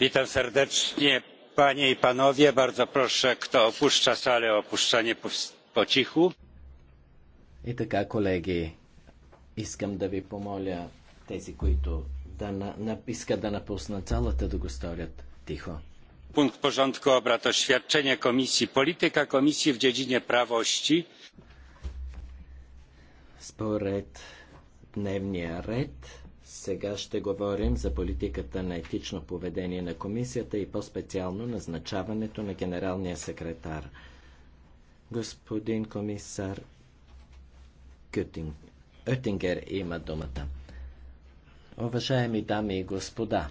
witam serdecznie panie i panowie bardzo proszę kto opuszcza salę o opuszczanie po cichu. И така, колеги, искам да ви помоля тези, които да на, на, искат да напуснат залата, да го сторят тихо. Пункт porządku obrad oświadczenie Komisji Polityka Komisji w dziedzinie prawości. Според дневния ред сега ще говорим за политиката на етично поведение на комисията и по-специално назначаването на генералния секретар. Господин комисар Кютинг, Оттингер има думата. Уважаеми дами и господа,